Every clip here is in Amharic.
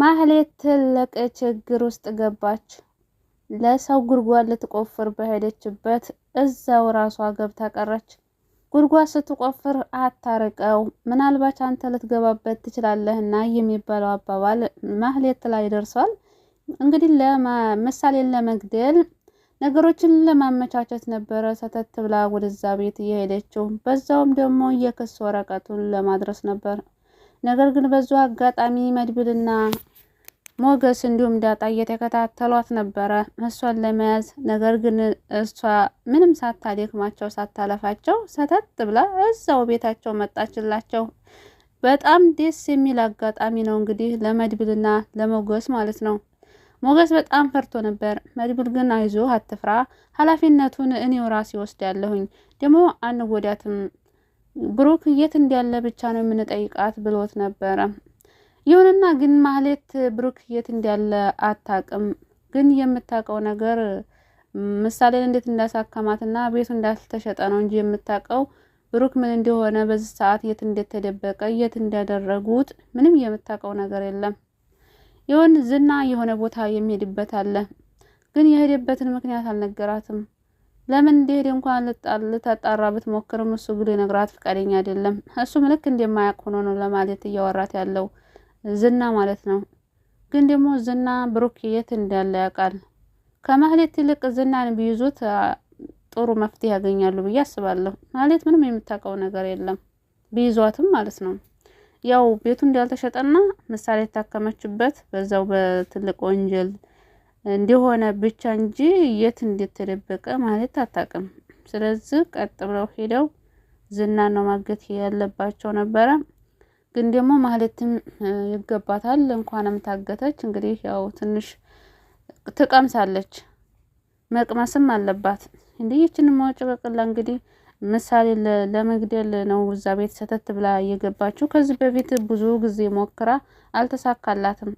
ማህሌት ትልቅ ችግር ውስጥ ገባች። ለሰው ጉድጓድ ልትቆፍር በሄደችበት እዛው ራሷ ገብታ ቀረች። ጉድጓድ ስትቆፍር አታርቀው፣ ምናልባት አንተ ልትገባበት ትችላለህና የሚባለው አባባል ማህሌት ላይ ደርሷል። እንግዲህ ምሳሌን ለመግደል ነገሮችን ለማመቻቸት ነበረ ሰተት ብላ ወደዛ ቤት እየሄደችው፣ በዛውም ደግሞ የክስ ወረቀቱን ለማድረስ ነበር። ነገር ግን በዚሁ አጋጣሚ መድብልና ሞገስ እንዲሁም ዳጣ እየተከታተሏት ነበረ እሷን ለመያዝ። ነገር ግን እሷ ምንም ሳታደክማቸው ሳታለፋቸው ሰተት ብላ እዛው ቤታቸው መጣችላቸው። በጣም ደስ የሚል አጋጣሚ ነው እንግዲህ ለመድብልና ለሞገስ ማለት ነው። ሞገስ በጣም ፈርቶ ነበር። መድብል ግን አይዞ አትፍራ፣ ኃላፊነቱን እኔው ራሴ ወስዳለሁኝ፣ ደግሞ አንጎዳትም፣ ብሩክ የት እንዳለ ብቻ ነው የምንጠይቃት ብሎት ነበረ። ይሁንና ግን ማህሌት ብሩክ የት እንዳለ አታቅም ግን የምታውቀው ነገር ምሳሌን እንዴት እንዳሳከማትና ቤቱ እንዳልተሸጠ ነው እንጂ የምታውቀው ብሩክ ምን እንደሆነ በዚህ ሰዓት የት እንደተደበቀ የት እንዳደረጉት ምንም የምታውቀው ነገር የለም። ይሁን ዝና የሆነ ቦታ የሚሄድበት አለ፣ ግን የሄደበትን ምክንያት አልነገራትም። ለምን እንደሄደ እንኳን ልታጣራ ብትሞክርም እሱ ግን ነግራት ፈቃደኛ አይደለም። እሱም ልክ እንደማያውቅ ሆኖ ነው ለማለት እያወራት ያለው። ዝና ማለት ነው። ግን ደግሞ ዝና ብሩክ የት እንዳለ ያውቃል። ከማህሌት ይልቅ ዝናን ቢይዙት ጥሩ መፍትሄ ያገኛሉ ብዬ አስባለሁ። ማህሌት ምንም የምታውቀው ነገር የለም ቢይዟትም ማለት ነው። ያው ቤቱ እንዳልተሸጠና ምሳሌ የታከመችበት በዛው በትልቅ ወንጀል እንደሆነ ብቻ እንጂ የት እንደተደበቀ ማለት አታውቅም። ስለዚህ ቀጥ ብለው ሄደው ዝና ነው ማገት ያለባቸው ነበረ። ግን ደግሞ ማህሌትም ይገባታል። እንኳንም ታገተች። እንግዲህ ያው ትንሽ ትቀምሳለች፣ መቅመስም አለባት። እንዲህ ይችን ማወጭቀቅላ እንግዲህ ምሳሌ ለመግደል ነው እዛ ቤት ሰተት ብላ እየገባችው። ከዚህ በፊት ብዙ ጊዜ ሞክራ አልተሳካላትም።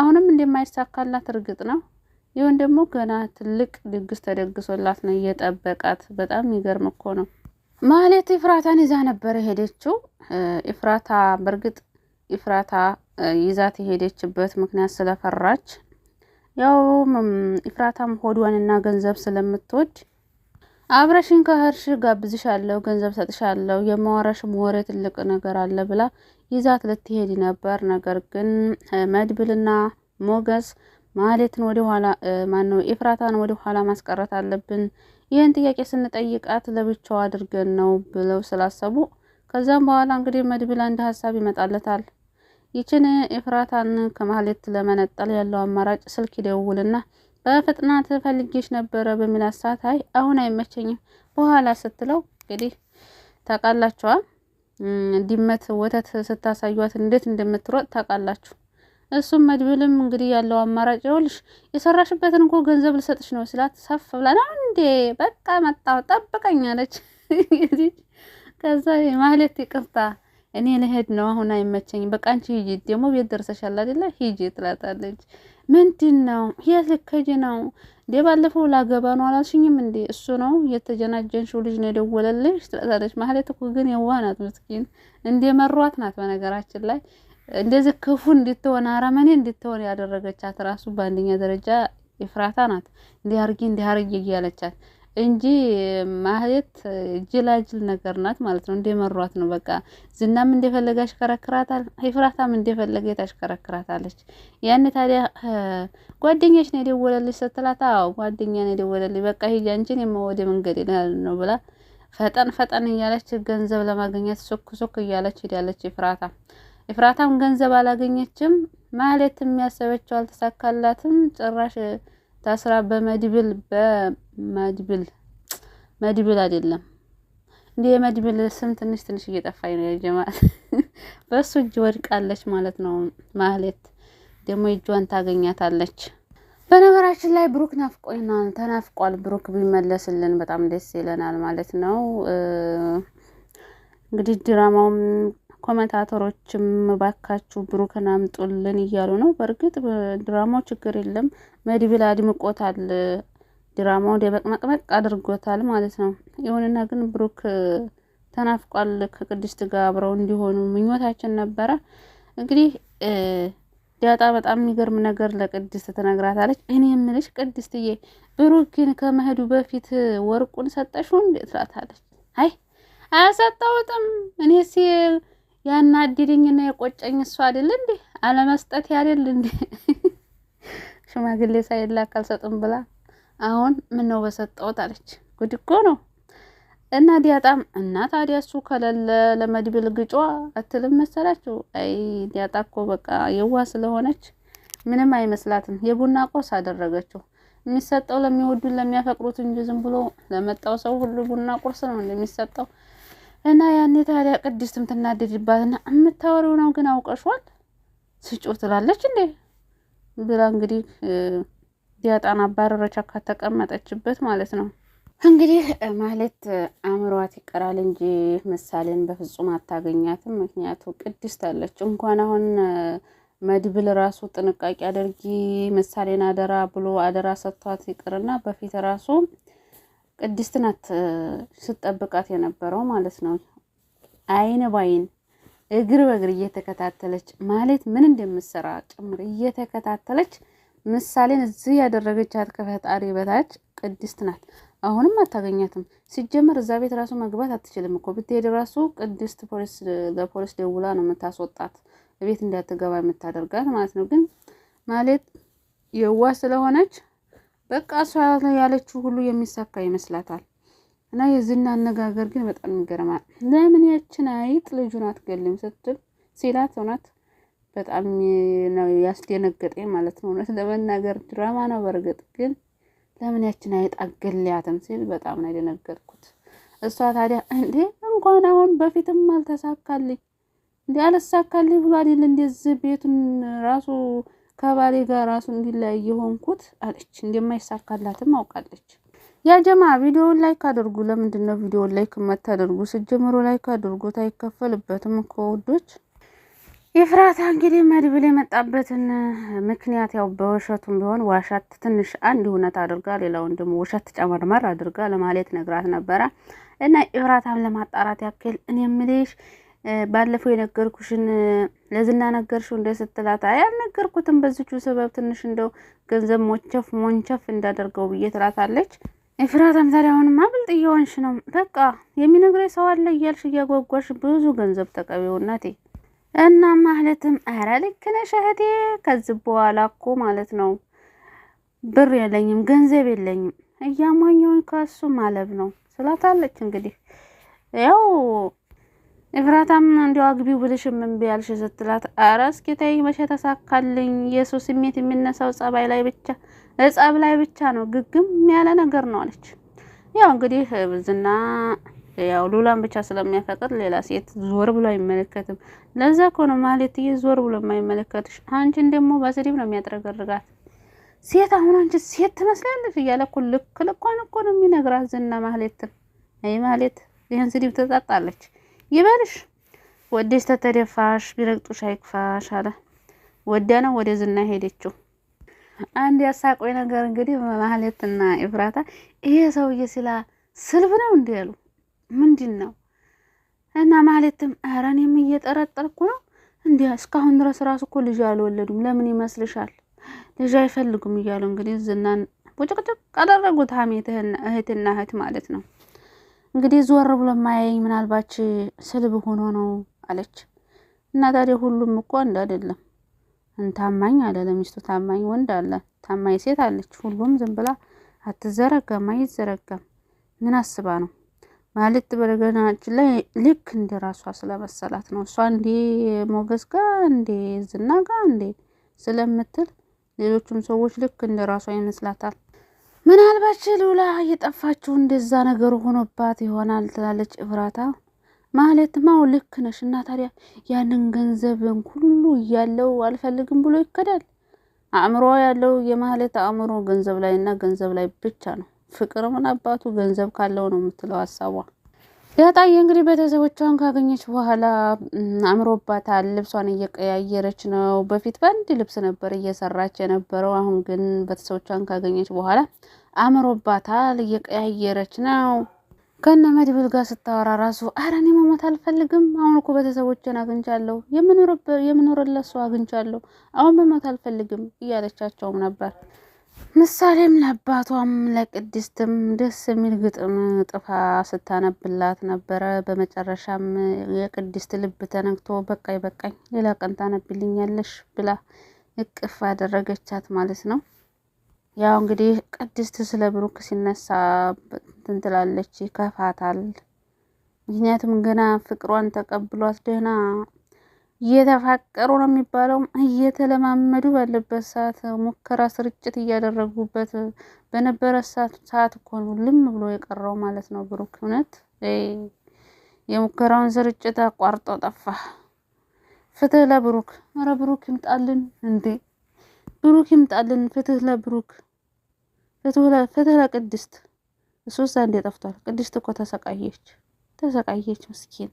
አሁንም እንደማይሳካላት እርግጥ ነው። ይሁን ደግሞ ገና ትልቅ ድግስ ተደግሶላት ነው እየጠበቃት። በጣም የሚገርም እኮ ነው። ማለት ኢፍራታን ይዛ ነበረ ሄደችው። ኢፍራታ በእርግጥ ኢፍራታ ይዛት የሄደችበት ምክንያት ስለፈራች ያው ኢፍራታም ሆዷንና ገንዘብ ስለምትወድ አብረሽን ከህርሽ ጋብዝሻለሁ፣ ገንዘብ ሰጥሻለሁ፣ የማወራሽ ወሬ ትልቅ ነገር አለ ብላ ይዛት ልትሄድ ነበር። ነገር ግን መድብልና ሞገስ ማለትን ወደኋላ ማነው ኢፍራታን ወደኋላ ማስቀረት አለብን ይህን ጥያቄ ስንጠይቃት ለብቻው አድርገን ነው ብለው ስላሰቡ ከዛም በኋላ እንግዲህ መድብል አንድ ሀሳብ ይመጣለታል። ይችን ኤፍራታን ከማህሌት ለመነጠል ያለው አማራጭ ስልክ ይደውልና በፍጥነት ፈልጌሽ ነበረ በሚላት ሰዓት አይ አሁን አይመቸኝም በኋላ ስትለው እንግዲህ ታውቃላችኋ ድመት ወተት ስታሳዩት እንዴት እንደምትሮጥ ታውቃላችሁ። እሱም መድብልም እንግዲህ ያለው አማራጭ ይኸውልሽ የሰራሽበትን እኮ ገንዘብ ልሰጥሽ ነው ስላት ሰፍ ብላ እንዴ በቃ መጣሁ ጠብቀኝ አለች። ከዛ ማለት ይቅርታ እኔ ልሄድ ነው አሁን አይመቸኝ። በቃ አንቺ ሂጂ፣ ደግሞ ቤት ደርሰሻል አይደለ? ሂጂ ትላታለች። ምንድን ነው የት ልከጅ ነው እንዴ? ባለፈው ላገባ ነው አላልሽኝም እንዴ? እሱ ነው የተጀናጀንሽው ልጅ ነው የደወለልሽ ትላታለች። ማለት እኮ ግን የዋህ ናት ምስኪን፣ እንደ መሯት ናት። በነገራችን ላይ እንደዚህ ክፉ እንድትሆን አረመኔ እንድትሆን ያደረገቻት ራሱ በአንደኛ ደረጃ ይፍራታ ናት እንዲህ አርጊ እንዲህ አርጊ እያለቻት እንጂ ማህሌት ጅላጅል ነገር ናት ማለት ነው። እንደመሯት ነው በቃ። ዝናም እንደፈለገ አሽከረክራታል፣ ይፍራታም እንደፈለገ ታሽከረክራታለች። ያን ታዲያ ጓደኛሽ ነው የደወለልሽ ስትላት፣ አዎ ጓደኛ ነው የደወለልኝ፣ በቃ ሂጂ አንቺን የመወደ መንገድ ይላል ነው ብላ ፈጠን ፈጠን እያለች ገንዘብ ለማግኘት ሶክ ሶክ እያለች ሄዳለች። ይፍራታ ይፍራታም ገንዘብ አላገኘችም። ማለት ያሰበችው አልተሳካላትም። ጭራሽ ታስራ በመድብል በመድብል መድብል አይደለም እንዲህ የመድብል ስም ትንሽ ትንሽ እየጠፋኝ ነው የጀማል በእሱ እጅ ወድቃለች ማለት ነው። ማለት ደግሞ እጇን ታገኛታለች። በነገራችን ላይ ብሩክ ናፍቆና ተናፍቋል። ብሩክ ቢመለስልን በጣም ደስ ይለናል ማለት ነው። እንግዲህ ድራማውም ኮመንታተሮችም ባካችሁ ብሩክን አምጡልን እያሉ ነው። በእርግጥ ድራማው ችግር የለም መድብል አድምቆታል። ድራማው ደመቅመቅመቅ አድርጎታል ማለት ነው። ይሁንና ግን ብሩክ ተናፍቋል። ከቅድስት ጋር አብረው እንዲሆኑ ምኞታችን ነበረ። እንግዲህ ዳጣ በጣም የሚገርም ነገር ለቅድስት ትነግራታለች። እኔ የምልሽ ቅድስትዬ ብሩክ ግን ከመሄዱ በፊት ወርቁን ሰጠሽው እንዴ ትላታለች። አይ አያሰጠውትም እኔ ሲል ያናድድኝና የቆጨኝ እሱ አይደል እንዴ? አለመስጠት ያደል እንዴ? ሽማግሌ ሳይላክ አልሰጥም ብላ አሁን ምን ነው በሰጠውት አለች። ጉድ እኮ ነው። እና ዲያጣም እና ታዲያ እሱ ከሌለ ለመድብል ግጯ አትልም መሰላችሁ? አይ ዲያጣ እኮ በቃ የዋ ስለሆነች ምንም አይመስላትም። የቡና ቆስ አደረገችው። የሚሰጠው ለሚወዱን ለሚያፈቅሩት እንጂ ዝም ብሎ ለመጣው ሰው ሁሉ ቡና ቁርስ ነው እንደሚሰጠው። እና ያኔ ታዲያ ቅድስትም ትናደድባትና የምታወሪው ነው ግን አውቀሿል ስጮ ትላለች እንዴ ብላ እንግዲህ ዲያጣን አባረረች ካተቀመጠችበት ማለት ነው። እንግዲህ ማለት አእምሯት ይቀራል እንጂ ምሳሌን በፍጹም አታገኛትም። ምክንያቱ ቅድስት አለች። እንኳን አሁን መድብል ራሱ ጥንቃቄ አድርጊ ምሳሌን አደራ ብሎ አደራ ሰጥቷት ይቅርና በፊት ራሱ ቅድስት ናት ስትጠብቃት የነበረው ማለት ነው። አይን ባይን እግር በእግር እየተከታተለች ማለት ምን እንደምትሰራ ጭምር እየተከታተለች ምሳሌን እዚህ ያደረገቻት ከፈጣሪ በታች ቅድስት ናት። አሁንም አታገኛትም። ሲጀመር እዛ ቤት ራሱ መግባት አትችልም እኮ ብትሄድ ራሱ ቅድስት ፖሊስ ለፖሊስ ደውላ ነው የምታስወጣት፣ ቤት እንዳትገባ የምታደርጋት ማለት ነው። ግን ማለት የዋ ስለሆነች በቃ እሷ ያለችው ሁሉ የሚሳካ ይመስላታል። እና የዝና አነጋገር ግን በጣም ይገርማል። ለምን ያችን አይጥ ልጁን አትገልም ስትል ሲላት እውነት በጣም ነው ያስደነገጠ ማለት ነው። እውነት ለመናገር ድራማ ነው በእርግጥ ግን ለምን ያችን አይጥ አገልያትም ሲል በጣም ነው የደነገጥኩት። እሷ ታዲያ እንዴ እንኳን አሁን በፊትም አልተሳካልኝ እንዲ አልሳካልኝ ብሎ አይደል እንደዚህ ቤቱን ራሱ ከባሌ ጋር ራሱ እንዲለያይ የሆንኩት አለች። እንደማይሳካላትም አውቃለች። ያ ጀማ ቪዲዮውን ላይክ አድርጉ። ለምንድን ነው ቪዲዮውን ላይክ የማታደርጉ? ስጀምሮ ላይክ አድርጉት። አይከፈልበትም እኮ ውዶች። ኤፍራታ እንግዲህ መድብል የመጣበትን ምክንያት ያው በውሸቱም ቢሆን ዋሻት ትንሽ አንድ እውነት አድርጋ ሌላውን ደግሞ ውሸት ጨመርመር አድርጋ ለማለት ነግራት ነበረ እና ኤፍራታም ለማጣራት ያክል እኔ የምልሽ ባለፈው የነገርኩሽን ለዝና ነገርሽው እንደ ስትላት አይ አልነገርኩትም፣ በዚቹ ሰበብ ትንሽ እንደው ገንዘብ ሞቸፍ ሞንቸፍ እንዳደርገው ብዬ ትላታለች። ኤፍራታም ታዲያ አሁንም አብልጥ እየሆንሽ ነው፣ በቃ የሚነግረኝ ሰው አለ እያልሽ እያጓጓሽ ብዙ ገንዘብ ተቀቢው እናቴ። እና ማለትም ኧረ ልክ ነሽ እህቴ፣ ከዚህ በኋላ እኮ ማለት ነው ብር የለኝም ገንዘብ የለኝም እያሟኘውን ከሱ ማለብ ነው ስላታለች። እንግዲህ ያው እፍራታም እንዲያው አግቢው ብልሽም እምቢ ያልሽ ስትላት፣ ኧረ እስኪ ተይኝ መቼ ተሳካልኝ። የሰው ስሜት የሚነሳው ጸባይ ላይ ብቻ እጸብ ላይ ብቻ ነው፣ ግግም ያለ ነገር ነው አለች። ያው እንግዲህ ዝና ያው ሉላን ብቻ ስለሚያፈቅር ሌላ ሴት ዞር ብሎ አይመለከትም። ለዛ እኮ ነው ማለትዬ ዞር ብሎ የማይመለከትሽ። አንቺን ደግሞ በስድብ ነው የሚያጥረገርጋት። ሴት አሁን አንቺ ሴት ትመስላለች እያለ እኮ ልክ ልኳን እኮ ነው የሚነግራት ዝና ማለት። አይ ማለት ይህን ስድብ ትጠጣለች ይበልሽ ወደሽ ተተደፋሽ ቢረግጡሽ አይክፋሽ አለ። ወዲያ ነው ወደ ዝና ሄደችው። አንድ ያሳቆይ ነገር እንግዲህ ማህሌትና ኢፍራታ ይሄ ሰውዬ ሲላ ስልብ ነው እንዲ ያሉ ምንድን ነው እና ማህሌትም ኧረ እኔም እየጠረጠርኩ ነው እንዲ እስካሁን ድረስ ራሱ እኮ ልጅ አልወለዱም ለምን ይመስልሻል? ልጅ አይፈልጉም እያሉ እንግዲህ ዝናን ቡጭቅጭቅ አደረጉት። ሀሜት እህትና እህት ማለት ነው። እንግዲህ ዞር ብሎ ማያየኝ ምናልባች ስልብ ሆኖ ነው አለች። እና ታዲያ ሁሉም እኮ አንድ አይደለም። ታማኝ አለ ለሚስቱ ታማኝ ወንድ አለ፣ ታማኝ ሴት አለች። ሁሉም ዝም ብላ አትዘረጋም፣ አይዘረጋም። ምን አስባ ነው ማለት በረገናችን ላይ ልክ እንደ ራሷ ስለመሰላት ነው። እሷ እንዴ ሞገስ ጋ እንዴ ዝና ጋር እንዴ ስለምትል ሌሎቹም ሰዎች ልክ እንደ ራሷ ይመስላታል። ምናልባት ሉላ እየጠፋችው እንደዛ ነገሩ ሆኖባት ይሆናል ትላለች እፍራታ። ማለት ማው ልክ ነሽ። እና ታዲያ ያንን ገንዘብን ሁሉ እያለው አልፈልግም ብሎ ይከዳል። አእምሮ ያለው የማለት አእምሮ ገንዘብ ላይ እና ገንዘብ ላይ ብቻ ነው። ፍቅር ምን አባቱ ገንዘብ ካለው ነው የምትለው ሀሳቧ። ዳጣዬ እንግዲህ ቤተሰቦቿን ካገኘች በኋላ አምሮባታል። ልብሷን እየቀያየረች ነው። በፊት በአንድ ልብስ ነበር እየሰራች የነበረው። አሁን ግን ቤተሰቦቿን ካገኘች በኋላ አምሮባታል፣ እየቀያየረች ነው። ከነ መድብል ጋር ስታወራ ራሱ አረ እኔ መሞት አልፈልግም። አሁን እኮ ቤተሰቦቼን አግኝቻለሁ፣ የምኖርለት ሰው አግኝቻለሁ፣ አሁን መሞት አልፈልግም እያለቻቸውም ነበር ምሳሌም ለአባቷም ለቅድስትም ደስ የሚል ግጥም ጥፋ ስታነብላት ነበረ። በመጨረሻም የቅድስት ልብ ተነግቶ በቃኝ በቃኝ፣ ሌላ ቀን ታነብልኛለሽ ብላ እቅፍ አደረገቻት ማለት ነው። ያው እንግዲህ ቅድስት ስለ ብሩክ ሲነሳ እንትን ትላለች፣ ይከፋታል። ምክንያቱም ገና ፍቅሯን ተቀብሏት ደህና እየተፋቀሩ ነው የሚባለው እየተለማመዱ ባለበት ሰዓት ሙከራ ስርጭት እያደረጉበት በነበረ ሰዓት እኮ ነው ልም ብሎ የቀረው ማለት ነው። ብሩክ እውነት የሙከራውን ስርጭት አቋርጦ ጠፋ። ፍትህ ለብሩክ! ኧረ ብሩክ ይምጣልን እንዴ! ብሩክ ይምጣልን! ፍትህ ለብሩክ! ፍትህ ለቅድስት! እሱስ አንዴ ጠፍቷል። ቅድስት እኮ ተሰቃየች፣ ተሰቃየች ምስኪን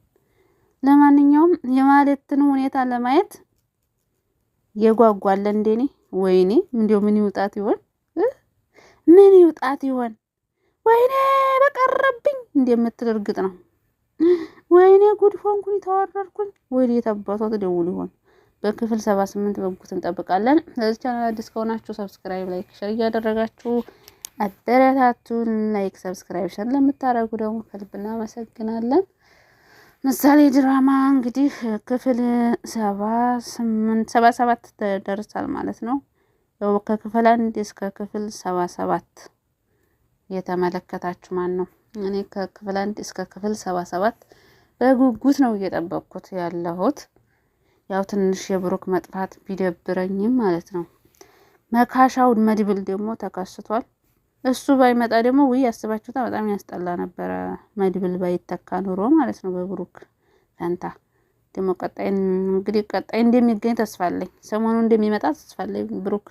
ለማንኛውም የማለትን ሁኔታ ለማየት የጓጓለ እንደኔ ወይኔ እንዲው ምን ይውጣት ይሆን? ምን ይውጣት ይሆን? ወይኔ በቀረብኝ እንደምትል እርግጥ ነው። ወይኔ ጉድ ሆንኩኝ፣ ተዋረድኩኝ። ወዴት አባቷ ትደውል ይሆን? በክፍል ሰባ ስምንት በጉጉት እንጠብቃለን። ለዚህ ቻናል አዲስ ከሆናችሁ ሰብስክራይብ፣ ላይክ፣ ሸር እያደረጋችሁ አበረታቱን። ላይክ፣ ሰብስክራይብ፣ ሸር ለምታደርጉ ደግሞ ከልብ እናመሰግናለን። ምሳሌ ድራማ እንግዲህ ክፍል ሰባ ስምንት ሰባ ሰባት ተደርሳል ማለት ነው። ያው ከክፍል አንድ እስከ ክፍል ሰባ ሰባት የተመለከታችሁ ማን ነው? እኔ ከክፍል አንድ እስከ ክፍል ሰባ ሰባት በጉጉት ነው እየጠበቅኩት ያለሁት። ያው ትንሽ የብሩክ መጥፋት ቢደብረኝም ማለት ነው። መካሻው መድብል ደግሞ ተከስቷል። እሱ ባይመጣ ደግሞ ውይ ያስባችሁታ በጣም ያስጠላ ነበረ። መድብል ባይተካ ኑሮ ማለት ነው በብሩክ ፈንታ ደግሞ ቀጣይ እንግዲህ ቀጣይ እንደሚገኝ ተስፋ አለኝ። ሰሞኑ እንደሚመጣ ተስፋ አለኝ ብሩክ